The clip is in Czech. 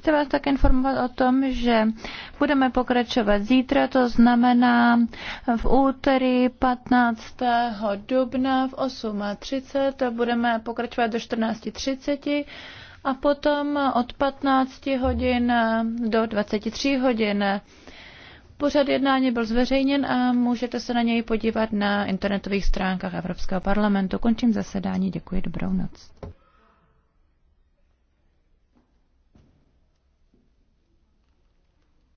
Chci vás také informovat o tom, že budeme pokračovat zítra, to znamená v úterý 15. dubna v 8.30 budeme pokračovat do 14.30 a potom od 15 hodin do 23 hodin. Pořad jednání byl zveřejněn a můžete se na něj podívat na internetových stránkách Evropského parlamentu. Končím zasedání, děkuji, dobrou noc.